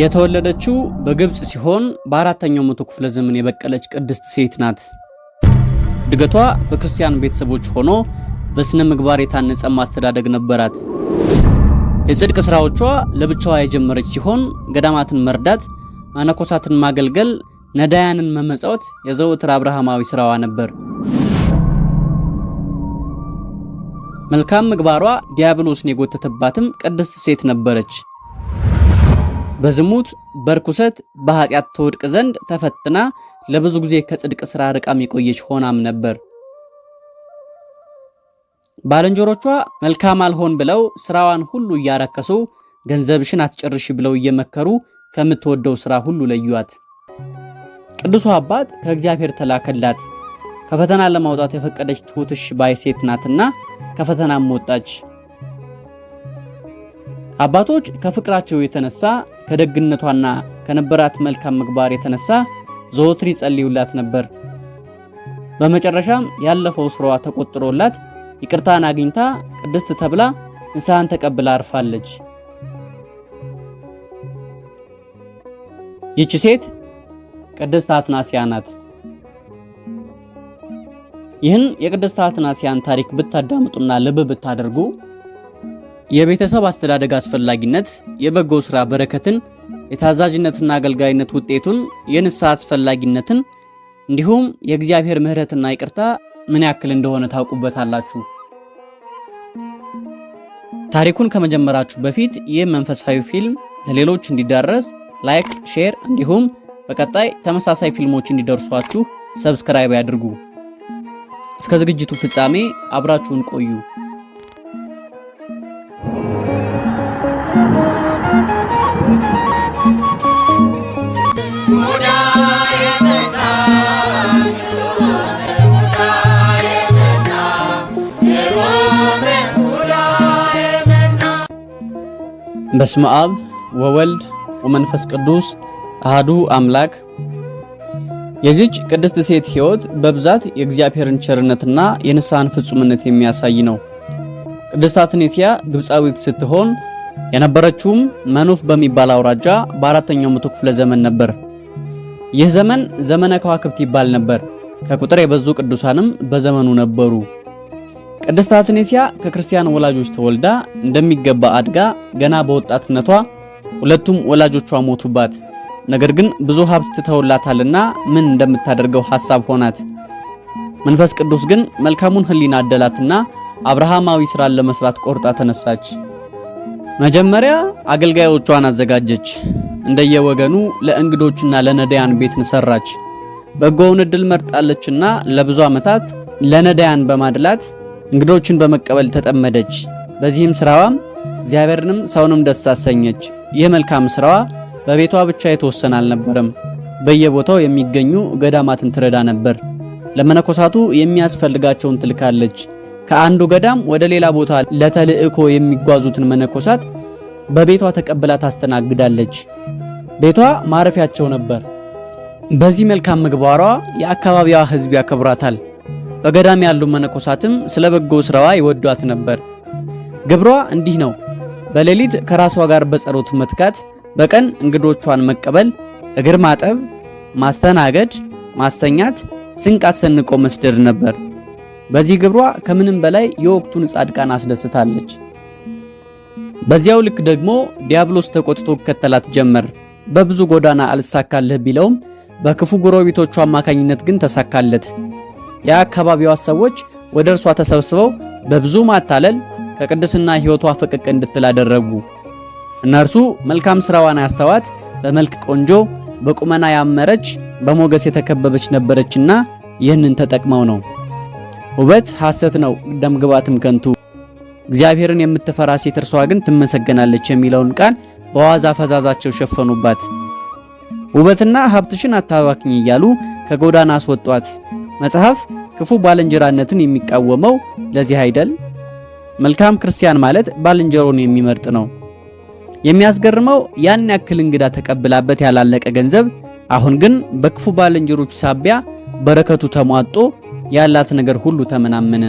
የተወለደችው በግብፅ ሲሆን በአራተኛው መቶ ክፍለ ዘመን የበቀለች ቅድስት ሴት ናት። እድገቷ በክርስቲያን ቤተሰቦች ሆኖ በሥነ ምግባር የታነጸ ማስተዳደግ ነበራት። የጽድቅ ስራዎቿ ለብቻዋ የጀመረች ሲሆን ገዳማትን መርዳት፣ መነኮሳትን ማገልገል፣ ነዳያንን መመጻወት የዘወትር አብርሃማዊ ስራዋ ነበር። መልካም ምግባሯ ዲያብሎስን የጎተተባትም ቅድስት ሴት ነበረች። በዝሙት በርኩሰት በኃጢአት ትወድቅ ዘንድ ተፈትና ለብዙ ጊዜ ከጽድቅ ሥራ ርቃም የቆየች ሆናም ነበር። ባልንጀሮቿ መልካም አልሆን ብለው ስራዋን ሁሉ እያረከሱ ገንዘብሽን አትጨርሽ ብለው እየመከሩ ከምትወደው ስራ ሁሉ ለዩዋት። ቅዱሱ አባት ከእግዚአብሔር ተላከላት። ከፈተና ለማውጣት የፈቀደች ትሁትሽ ባይ ሴት ናትና ከፈተናም ወጣች። አባቶች ከፍቅራቸው የተነሳ ከደግነቷና ከነበራት መልካም ምግባር የተነሳ ዘወትር ይጸልዩላት ነበር። በመጨረሻም ያለፈው ስራዋ ተቆጥሮላት ይቅርታን አግኝታ ቅድስት ተብላ ንስሐን ተቀብላ አርፋለች። ይቺ ሴት ቅድስት አትናሲያ ናት። ይህን የቅድስት አትናሲያን ታሪክ ብታዳምጡና ልብ ብታደርጉ የቤተሰብ አስተዳደግ አስፈላጊነት፣ የበጎ ስራ በረከትን፣ የታዛዥነትና አገልጋይነት ውጤቱን፣ የንስሐ አስፈላጊነትን እንዲሁም የእግዚአብሔር ምሕረትና ይቅርታ ምን ያክል እንደሆነ ታውቁበታላችሁ። ታሪኩን ከመጀመራችሁ በፊት ይህ መንፈሳዊ ፊልም ለሌሎች እንዲዳረስ ላይክ፣ ሼር እንዲሁም በቀጣይ ተመሳሳይ ፊልሞች እንዲደርሷችሁ ሰብስክራይብ ያድርጉ። እስከ ዝግጅቱ ፍጻሜ አብራችሁን ቆዩ። በስመ አብ ወወልድ ወመንፈስ ቅዱስ አህዱ አምላክ። የዚች ቅድስት ሴት ሕይወት በብዛት የእግዚአብሔርን ቸርነትና የንስሐን ፍጹምነት የሚያሳይ ነው። ቅድስት አትናስያ ግብፃዊት ስትሆን የነበረችውም መኑፍ በሚባል አውራጃ በአራተኛው መቶ ክፍለ ዘመን ነበር። ይህ ዘመን ዘመነ ከዋክብት ይባል ነበር። ከቁጥር የበዙ ቅዱሳንም በዘመኑ ነበሩ። ቅድስት አትኔሲያ ከክርስቲያን ወላጆች ተወልዳ እንደሚገባ አድጋ ገና በወጣትነቷ ሁለቱም ወላጆቿ ሞቱባት። ነገር ግን ብዙ ሀብት ትተውላታልና ምን እንደምታደርገው ሐሳብ ሆናት። መንፈስ ቅዱስ ግን መልካሙን ሕሊና አደላትና አብርሃማዊ ስራን ለመስራት ቆርጣ ተነሳች። መጀመሪያ አገልጋዮቿን አዘጋጀች። እንደየወገኑ ለእንግዶችና ለነዳያን ቤትን ሰራች። በጎውን ዕድል መርጣለችና ለብዙ ዓመታት ለነዳያን በማድላት እንግዶችን በመቀበል ተጠመደች። በዚህም ስራዋም እግዚአብሔርንም ሰውንም ደስ አሰኘች። ይህ መልካም ስራዋ በቤቷ ብቻ የተወሰነ አልነበረም። በየቦታው የሚገኙ ገዳማትን ትረዳ ነበር። ለመነኮሳቱ የሚያስፈልጋቸውን ትልካለች። ከአንዱ ገዳም ወደ ሌላ ቦታ ለተልእኮ የሚጓዙትን መነኮሳት በቤቷ ተቀብላ ታስተናግዳለች። ቤቷ ማረፊያቸው ነበር። በዚህ መልካም ምግባሯ የአካባቢዋ ሕዝብ ያከብራታል። በገዳም ያሉ መነኮሳትም ስለ በጎ ስራዋ ይወዷት ነበር። ግብሯ እንዲህ ነው። በሌሊት ከራሷ ጋር በጸሎት መትጋት፣ በቀን እንግዶቿን መቀበል፣ እግር ማጠብ፣ ማስተናገድ፣ ማስተኛት፣ ስንቅ አሰንቆ መስደድ ነበር። በዚህ ግብሯ ከምንም በላይ የወቅቱን ጻድቃን አስደስታለች። በዚያው ልክ ደግሞ ዲያብሎስ ተቆጥቶ ከተላት ጀመር። በብዙ ጎዳና አልሳካልህ ቢለውም በክፉ ጎረቤቶቹ አማካኝነት ግን ተሳካለት። የአካባቢዋ ሰዎች ወደ እርሷ ተሰብስበው በብዙ ማታለል ከቅድስና ሕይወቷ ፍቅቅ እንድትል አደረጉ። እነርሱ መልካም ስራዋን ያስተዋት በመልክ ቆንጆ፣ በቁመና ያመረች፣ በሞገስ የተከበበች ነበረችና ይህንን ተጠቅመው ነው። ውበት ሐሰት ነው፣ ደምግባትም ከንቱ፣ እግዚአብሔርን የምትፈራ ሴት እርሷ ግን ትመሰገናለች የሚለውን ቃል በዋዛ ፈዛዛቸው ሸፈኑባት። ውበትና ሀብትሽን አታባክኝ እያሉ ከጎዳና አስወጧት። መጽሐፍ ክፉ ባልንጀራነትን የሚቃወመው ለዚህ አይደል? መልካም ክርስቲያን ማለት ባልንጀሮን የሚመርጥ ነው። የሚያስገርመው ያን ያክል እንግዳ ተቀብላበት ያላለቀ ገንዘብ፣ አሁን ግን በክፉ ባልንጀሮቹ ሳቢያ በረከቱ ተሟጦ ያላት ነገር ሁሉ ተመናመነ።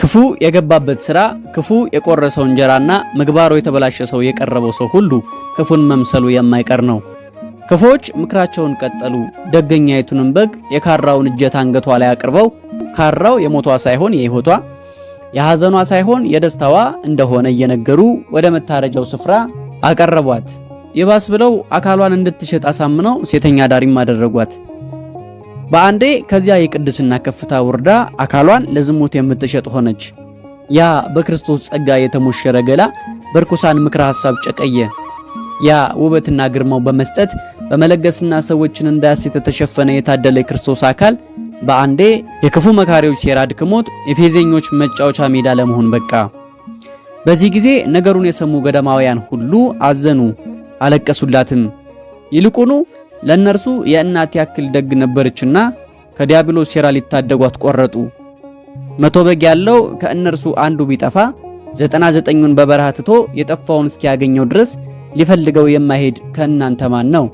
ክፉ የገባበት ስራ፣ ክፉ የቆረሰው እንጀራና ምግባሩ የተበላሸ ሰው የቀረበው ሰው ሁሉ ክፉን መምሰሉ የማይቀር ነው። ክፎች ምክራቸውን ቀጠሉ። ደገኛይቱንም በግ የካራውን እጀታ አንገቷ ላይ አቅርበው ካራው የሞቷ ሳይሆን የሕይወቷ የሐዘኗ ሳይሆን የደስታዋ እንደሆነ እየነገሩ ወደ መታረጃው ስፍራ አቀረቧት። ይባስ ብለው አካሏን እንድትሸጥ አሳምነው ሴተኛ ዳሪም አደረጓት። በአንዴ ከዚያ የቅድስና ከፍታ ወርዳ አካሏን ለዝሙት የምትሸጥ ሆነች። ያ በክርስቶስ ጸጋ የተሞሸረ ገላ በርኩሳን ምክረ ሐሳብ ጨቀየ። ያ ውበትና ግርማው በመስጠት በመለገስና ሰዎችን እንዳያሴት የተሸፈነ የታደለ የክርስቶስ አካል በአንዴ የክፉ መካሪዎች ሴራ ድክሞት የፌዘኞች መጫወቻ ሜዳ ለመሆን በቃ። በዚህ ጊዜ ነገሩን የሰሙ ገዳማውያን ሁሉ አዘኑ፣ አለቀሱላትም። ይልቁኑ ለእነርሱ የእናት ያክል ደግ ነበረችና ከዲያብሎስ ሴራ ሊታደጓት ቆረጡ። መቶ በግ ያለው ከእነርሱ አንዱ ቢጠፋ ዘጠና ዘጠኙን በበረሃ ትቶ የጠፋውን እስኪያገኘው ድረስ ሊፈልገው የማይሄድ ከእናንተ ማን ነው?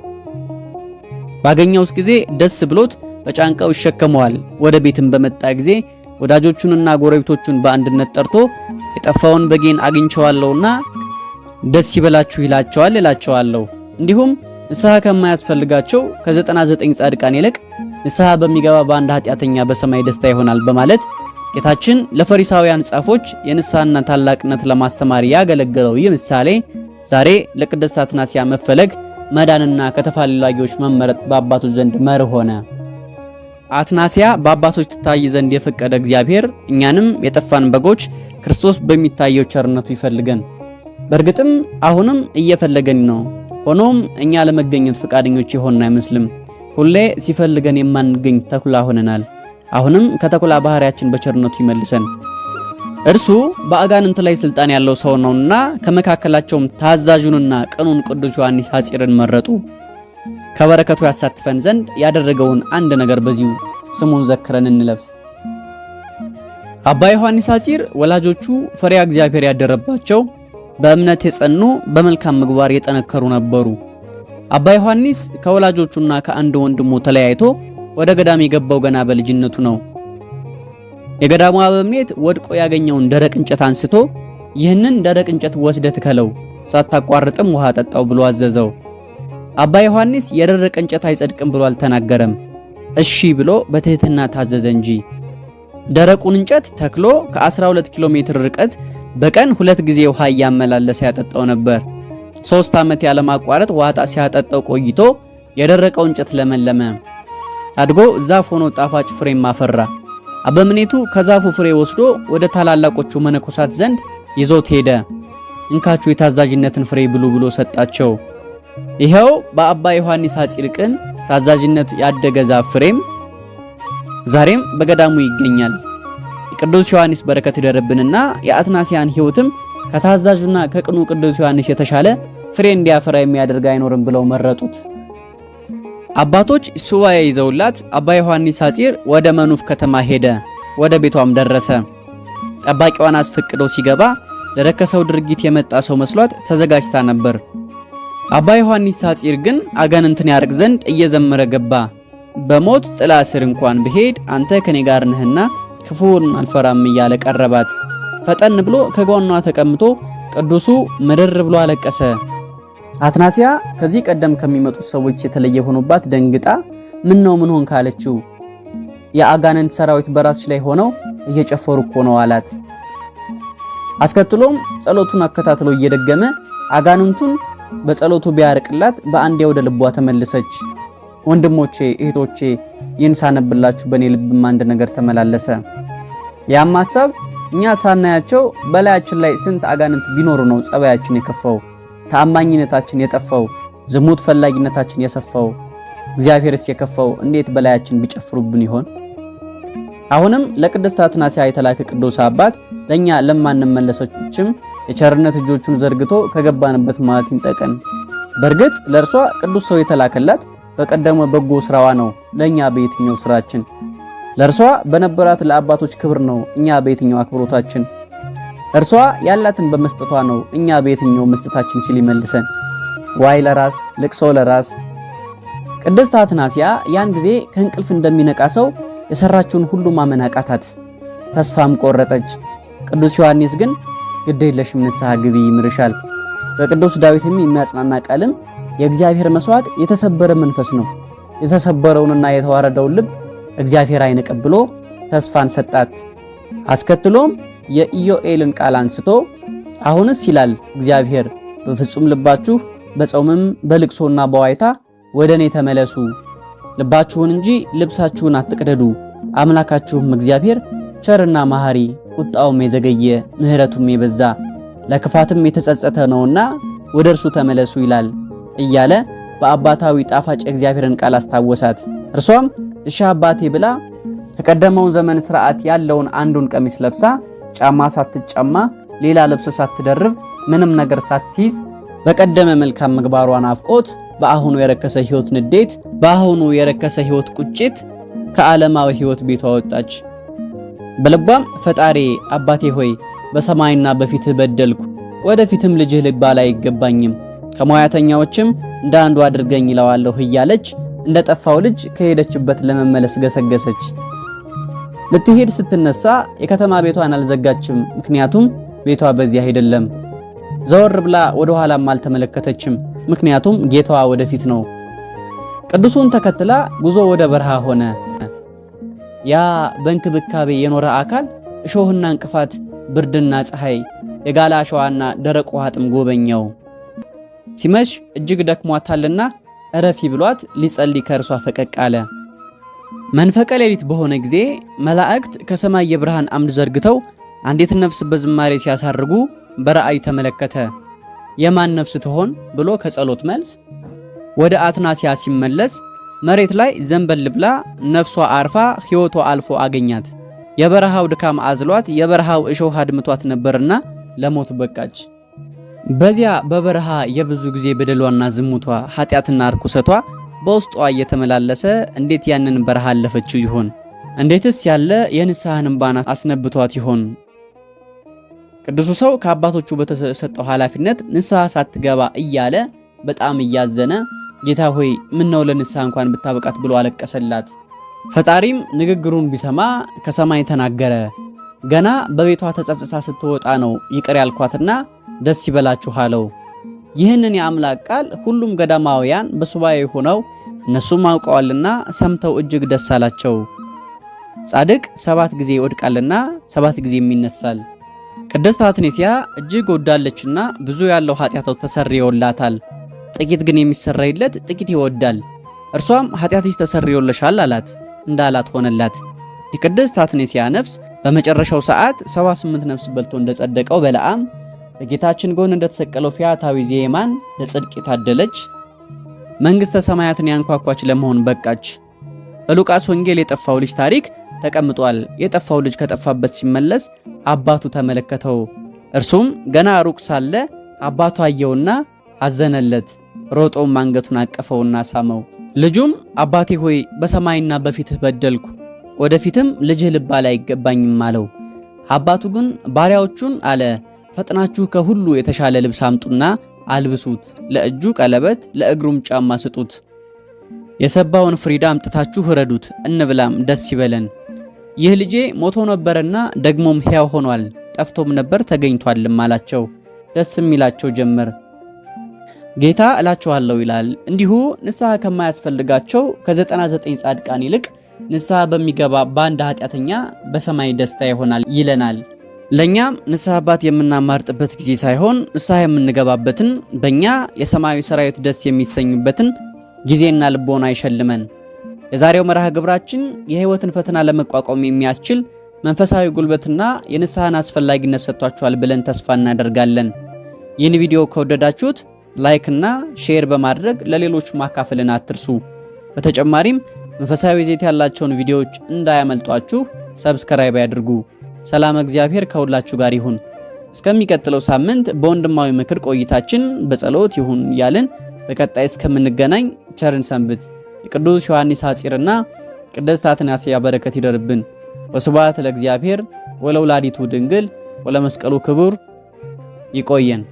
ባገኘውስ ጊዜ ደስ ብሎት በጫንቃው ይሸከመዋል። ወደ ቤትም በመጣ ጊዜ ወዳጆቹንና ጎረቤቶቹን በአንድነት ጠርቶ የጠፋውን በጌን አግኝቸዋለሁና ደስ ይበላችሁ ይላቸዋል እላቸዋለሁ። እንዲሁም ንስሐ ከማያስፈልጋቸው ከ99 ጻድቃን ይልቅ ንስሐ በሚገባ በአንድ ኃጢአተኛ በሰማይ ደስታ ይሆናል በማለት ጌታችን ለፈሪሳውያን ጻፎች የንስሐና ታላቅነት ለማስተማር ያገለገለው ይህ ምሳሌ ዛሬ ለቅድስት አትናስያ መፈለግ መዳንና ከተፋላጊዎች መመረጥ በአባቶች ዘንድ መርህ ሆነ። አትናስያ በአባቶች ትታይ ዘንድ የፈቀደ እግዚአብሔር እኛንም የጠፋን በጎች ክርስቶስ በሚታየው ቸርነቱ ይፈልገን። በእርግጥም አሁንም እየፈለገን ነው። ሆኖም እኛ ለመገኘት ፈቃደኞች የሆንን አይመስልም። ሁሌ ሲፈልገን የማንገኝ ተኩላ ሆነናል። አሁንም ከተኩላ ባህሪያችን በቸርነቱ ይመልሰን። እርሱ በአጋንንት ላይ ስልጣን ያለው ሰው ነውና ከመካከላቸውም ታዛዡንና ቅኑን ቅዱስ ዮሐንስ ሐጺርን መረጡ። ከበረከቱ ያሳትፈን ዘንድ ያደረገውን አንድ ነገር በዚሁ ስሙን ዘክረን እንለፍ። አባ ዮሐንስ ሐጺር ወላጆቹ ፈሪያ እግዚአብሔር ያደረባቸው፣ በእምነት የጸኑ፣ በመልካም ምግባር የጠነከሩ ነበሩ። አባ ዮሐንስ ከወላጆቹና ከአንድ ወንድሙ ተለያይቶ ወደ ገዳም የገባው ገና በልጅነቱ ነው። የገዳሙ አበምኔት ወድቆ ያገኘውን ደረቅ እንጨት አንስቶ ይህንን ደረቅ እንጨት ወስደት ትከለው፣ ሳታቋርጥም ውሃ ጠጣው ብሎ አዘዘው። አባ ዮሐንስ የደረቀ እንጨት አይጸድቅም ብሎ አልተናገረም። እሺ ብሎ በትህትና ታዘዘ እንጂ ደረቁን እንጨት ተክሎ ከ12 ኪሎ ሜትር ርቀት በቀን ሁለት ጊዜ ውሃ እያመላለሰ ያጠጣው ነበር። ሶስት ዓመት ያለማቋረጥ ዋጣ ሲያጠጣው ቆይቶ የደረቀው እንጨት ለመለመ፣ አድጎ ዛፍ ሆኖ ጣፋጭ ፍሬም አፈራ። አበምኔቱ ከዛፉ ፍሬ ወስዶ ወደ ታላላቆቹ መነኮሳት ዘንድ ይዞት ሄደ። እንካቹ የታዛዥነትን ፍሬ ብሉ ብሎ ሰጣቸው። ይኸው በአባ ዮሐንስ ሐፂር ቅን ታዛዥነት ያደገ ዛፍ ፍሬም ዛሬም በገዳሙ ይገኛል። የቅዱስ ዮሐንስ በረከት ይደርብንና የአትናሲያን ሕይወትም ከታዛዡና ከቅኑ ቅዱስ ዮሐንስ የተሻለ ፍሬ እንዲያፈራ የሚያደርግ አይኖርም ብለው መረጡት። አባቶች ሱባኤ ይዘውላት አባ ዮሐንስ ሐጺር ወደ መኑፍ ከተማ ሄደ። ወደ ቤቷም ደረሰ። ጠባቂዋን አስፈቅዶ ሲገባ ለረከሰው ድርጊት የመጣ ሰው መስሏት ተዘጋጅታ ነበር። አባ ዮሐንስ ሐጺር ግን አጋንንትን ያርቅ ዘንድ እየዘመረ ገባ። በሞት ጥላ ስር እንኳን ብሄድ አንተ ከኔ ጋር ነህና ክፉን አልፈራም እያለ ቀረባት። ፈጠን ብሎ ከጓኗ ተቀምጦ ቅዱሱ ምርር ብሎ አለቀሰ። አትናሲያ ከዚህ ቀደም ከሚመጡት ሰዎች የተለየ ሆኖባት ደንግጣ ምን ነው ምን ሆን ካለችው የአጋንንት ሰራዊት በራስሽ ላይ ሆነው እየጨፈሩ እኮ ነው አላት። አስከትሎም ጸሎቱን አከታትሎ እየደገመ አጋንንቱን በጸሎቱ ቢያርቅላት በአንዴ ወደ ልቧ ተመለሰች። ወንድሞቼ እህቶቼ፣ ይህን ሳነብላችሁ በእኔ ልብም አንድ ነገር ተመላለሰ። ያም ሀሳብ እኛ ሳናያቸው በላያችን ላይ ስንት አጋንንት ቢኖሩ ነው ጸባያችን የከፋው? ታማኝነታችን የጠፋው ዝሙት ፈላጊነታችን የሰፋው እግዚአብሔርስ የከፋው እንዴት በላያችን ቢጨፍሩብን ይሆን? አሁንም ለቅድስት አትናስያ የተላከ ቅዱስ አባት ለኛ ለማንመለሰችም የቸርነት እጆቹን ዘርግቶ ከገባንበት ማለት ይንጠቀን። በእርግጥ ለእርሷ ቅዱስ ሰው የተላከላት በቀደመ በጎ ስራዋ ነው። ለኛ በየትኛው ስራችን? ለእርሷ በነበራት ለአባቶች ክብር ነው። እኛ በየትኛው አክብሮታችን? እርሷ ያላትን በመስጠቷ ነው እኛ በየትኛው መስጠታችን ሲል ይመልሰን። ዋይ ለራስ ልቅሶ ለራስ። ቅድስት አትናስያ ያን ጊዜ ከእንቅልፍ እንደሚነቃ ሰው የሰራችውን ሁሉ ማመን አቃታት፣ ተስፋም ቆረጠች። ቅዱስ ዮሐንስ ግን ግድ የለሽም ንስሐ ግቢ ይምርሻል። በቅዱስ ዳዊትም የሚያጽናና ቃልም የእግዚአብሔር መስዋዕት የተሰበረ መንፈስ ነው፣ የተሰበረውንና የተዋረደውን ልብ እግዚአብሔር አይንቅም ብሎ ተስፋን ሰጣት። አስከትሎም የኢዮኤልን ቃል አንስቶ አሁንስ ይላል እግዚአብሔር በፍጹም ልባችሁ በጾምም በልቅሶና በዋይታ ወደ እኔ ተመለሱ፣ ልባችሁን እንጂ ልብሳችሁን አትቅደዱ። አምላካችሁም እግዚአብሔር ቸርና መሐሪ፣ ቁጣውም የዘገየ ምሕረቱም የበዛ ለክፋትም የተጸጸተ ነውና ወደ እርሱ ተመለሱ ይላል እያለ በአባታዊ ጣፋጭ እግዚአብሔርን ቃል አስታወሳት። እርሷም እሺ አባቴ ብላ ተቀደመውን ዘመን ስርዓት ያለውን አንዱን ቀሚስ ለብሳ ጫማ ሳትጫማ ሌላ ልብስ ሳትደርብ ምንም ነገር ሳትይዝ በቀደመ መልካም ምግባሯን አፍቆት በአሁኑ የረከሰ ህይወት ንዴት፣ በአሁኑ የረከሰ ህይወት ቁጭት ከዓለማዊ ህይወት ቤቷ ወጣች። በልቧም ፈጣሪ አባቴ ሆይ በሰማይና በፊትህ በደልኩ፣ ወደፊትም ልጅህ ልባል አይገባኝም፣ ከሙያተኛዎችም እንደ አንዱ አድርገኝ ይለዋለሁ እያለች እንደ ጠፋው ልጅ ከሄደችበት ለመመለስ ገሰገሰች። ልትሄድ ስትነሳ የከተማ ቤቷን አልዘጋችም፣ ምክንያቱም ቤቷ በዚህ አይደለም። ዘወር ብላ ወደ ኋላም አልተመለከተችም፣ ምክንያቱም ጌታዋ ወደፊት ነው። ቅዱሱን ተከትላ ጉዞ ወደ በረሃ ሆነ። ያ በእንክብካቤ የኖረ አካል እሾህና እንቅፋት፣ ብርድና ፀሐይ፣ የጋለ አሸዋና ደረቅ ውሃ ጥም ጎበኘው። ሲመሽ እጅግ ደክሟታልና እረፊ ብሏት ሊጸልይ ከእርሷ ፈቀቅ አለ። መንፈቀ ሌሊት በሆነ ጊዜ መላእክት ከሰማይ የብርሃን አምድ ዘርግተው አንዲት ነፍስ በዝማሬ ሲያሳርጉ በራእይ ተመለከተ። የማን ነፍስ ትሆን ብሎ ከጸሎት መልስ ወደ አትናሲያ ሲመለስ መሬት ላይ ዘንበል ብላ ነፍሷ አርፋ ሕይወቷ አልፎ አገኛት። የበረሃው ድካም አዝሏት የበረሃው እሾህ አድምቷት ነበርና ለሞት በቃች። በዚያ በበረሃ የብዙ ጊዜ በደሏና ዝሙቷ ኃጢአትና ርኩሰቷ በውስጧ እየተመላለሰ እንዴት ያንን በረሃ አለፈችው ይሆን? እንዴትስ ያለ የንስሐን እንባን አስነብቷት ይሆን? ቅዱሱ ሰው ከአባቶቹ በተሰጠው ኃላፊነት ንስሐ ሳትገባ እያለ በጣም እያዘነ ጌታ ሆይ ነው ለንስሐ እንኳን ብታበቃት ብሎ አለቀሰላት። ፈጣሪም ንግግሩን ቢሰማ ከሰማይ ተናገረ። ገና በቤቷ ተጸጽሳ ስትወጣ ነው ይቅር ያልኳትና ደስ ይበላችኋለው አለው። ይህንን የአምላክ ቃል ሁሉም ገዳማውያን በሱባኤ ሆነው እነሱም አውቀዋልና ሰምተው እጅግ ደስ አላቸው። ጻድቅ ሰባት ጊዜ ይወድቃልና ሰባት ጊዜ ይነሳል። ቅድስት አትኔስያ እጅግ ወዳለችና ብዙ ያለው ኃጢአቱ ተሰርየውላታል። ጥቂት ግን የሚሰረይለት ጥቂት ይወዳል። እርሷም ኃጢአትሽ ተሰርዮልሻል አላት፣ እንዳላት ሆነላት። የቅድስት አትኔስያ ነፍስ በመጨረሻው ሰዓት 78 ነፍስ በልቶ እንደጸደቀው በለዓም በጌታችን ጎን እንደተሰቀለው ፊያታዊ ዜማን ለጽድቅ የታደለች መንግሥተ ሰማያትን ያንኳኳች ለመሆን በቃች። በሉቃስ ወንጌል የጠፋው ልጅ ታሪክ ተቀምጧል። የጠፋው ልጅ ከጠፋበት ሲመለስ አባቱ ተመለከተው። እርሱም ገና ሩቅ ሳለ አባቱ አየውና አዘነለት። ሮጦም አንገቱን አቀፈውና ሳመው። ልጁም አባቴ ሆይ በሰማይና በፊትህ በደልኩ፣ ወደፊትም ልጅህ ልባል አይገባኝም አለው። አባቱ ግን ባሪያዎቹን አለ ፈጥናችሁ ከሁሉ የተሻለ ልብስ አምጡና አልብሱት፣ ለእጁ ቀለበት፣ ለእግሩም ጫማ ስጡት። የሰባውን ፍሪዳ አምጥታችሁ ረዱት፣ እንብላም፣ ደስ ይበለን። ይህ ልጄ ሞቶ ነበርና ደግሞም ሕያው ሆኗል፣ ጠፍቶም ነበር ተገኝቷልም አላቸው። ደስም ይላቸው ጀመር። ጌታ እላችኋለሁ ይላል፣ እንዲሁ ንስሐ ከማያስፈልጋቸው ከ99 ጻድቃን ይልቅ ንስሐ በሚገባ በአንድ ኃጢአተኛ በሰማይ ደስታ ይሆናል ይለናል። ለኛ ንስሐ አባት የምናማርጥበት ጊዜ ሳይሆን ንስሐ የምንገባበትን በእኛ የሰማያዊ ሰራዊት ደስ የሚሰኙበትን ጊዜና ልቦና አይሸልመን። የዛሬው መርሃ ግብራችን የህይወትን ፈተና ለመቋቋም የሚያስችል መንፈሳዊ ጉልበትና የንስሐን አስፈላጊነት ሰጥቷችኋል ብለን ተስፋ እናደርጋለን። ይህን ቪዲዮ ከወደዳችሁት ላይክና ሼር በማድረግ ለሌሎች ማካፈልን አትርሱ። በተጨማሪም መንፈሳዊ ይዘት ያላቸውን ቪዲዮዎች እንዳያመልጧችሁ ሰብስክራይብ ያድርጉ። ሰላም እግዚአብሔር ከሁላችሁ ጋር ይሁን። እስከሚቀጥለው ሳምንት በወንድማዊ ምክር ቆይታችን በጸሎት ይሁን ያልን በቀጣይ እስከምንገናኝ ቸርን ሰንብት። የቅዱስ ዮሐንስ ሐጺርና ቅድስት አትናስያ በረከት ይደርብን። ወስብሐት ለእግዚአብሔር ወለወላዲቱ ድንግል ወለመስቀሉ ክቡር። ይቆየን።